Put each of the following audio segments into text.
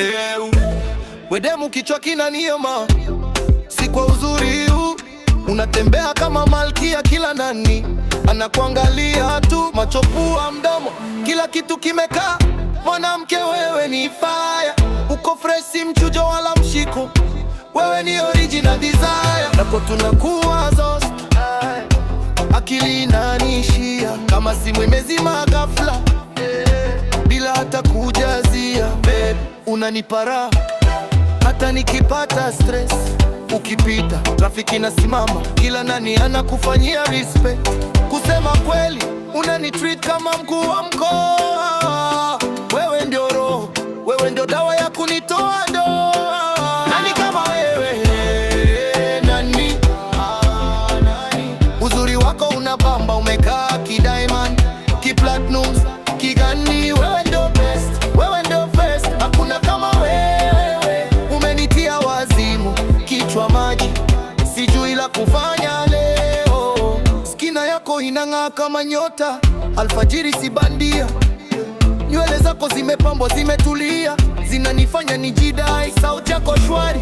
Eu, eh, wedemu kichwa kina nioma, si kwa uzuri huu. Unatembea kama malkia, kila nani anakuangalia tu, macho, pua, mdomo, kila kitu kimekaa. Mwanamke wewe ni fire, uko fresh, mchujo wala mshiko, wewe ni original desire. Nako tunakuwa zost, akili inanishia kama simu imezima unanipa hata nikipata stress. Ukipita rafiki nasimama, kila nani anakufanyia respect. Kusema kweli, unanitreat kama mkuu wa mkoa. Wewe ndio roho, wewe ndio dawa ya kunitoa doa la kufanya leo. Skina yako inang'aa kama nyota, alfajiri si bandia. Nywele zako zimepambwa, zimetulia, zinanifanya nijidai. Sauti yako shwari,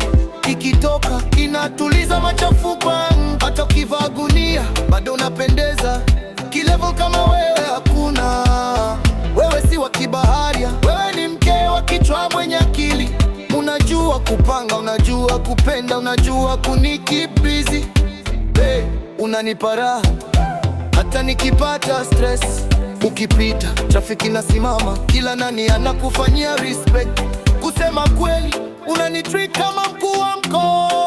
ikitoka inatuliza machafuko. Hata ukivaa gunia bado unapendeza. Kilevo kama wewe hakuna, wewe si wa kibaharia, wewe ni mke wa kichwa mwenye unajua kupanga, unajua kupenda, unajua kunikibizi hey, unanipa raha hata nikipata stress. Ukipita trafiki nasimama, kila nani anakufanyia respect. Kusema kweli, unanitrick kama mkuu wa mkoa.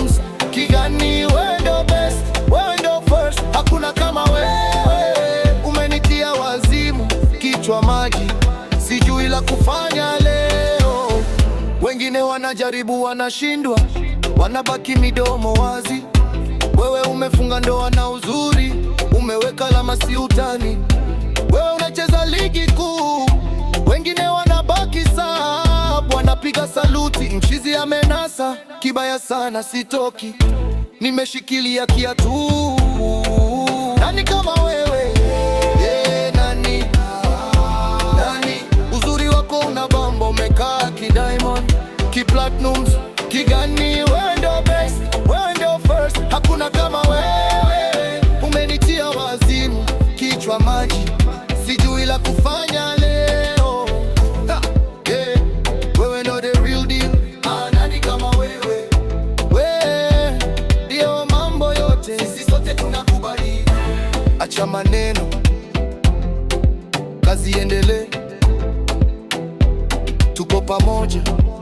comes. Kigani, wewe ndo best, wewe ndo first, hakuna kama wewe. Umenitia wazimu, kichwa maji, sijui la kufanya leo. Wengine wanajaribu wanashindwa, wanabaki midomo wazi. Wewe umefunga ndoa na uzuri, umeweka alama si utani. Wewe unacheza ligi kuu, wengine wanabaki saa napiga saluti, mchizi amenasa kibaya sana, sitoki, nimeshikilia kiatu. Nani kama wewe yeah, nani, nani? Uzuri wako una bambo umekaa kidiamond, kiplatinum, kigani acha maneno, kazi endelee tuko pamoja.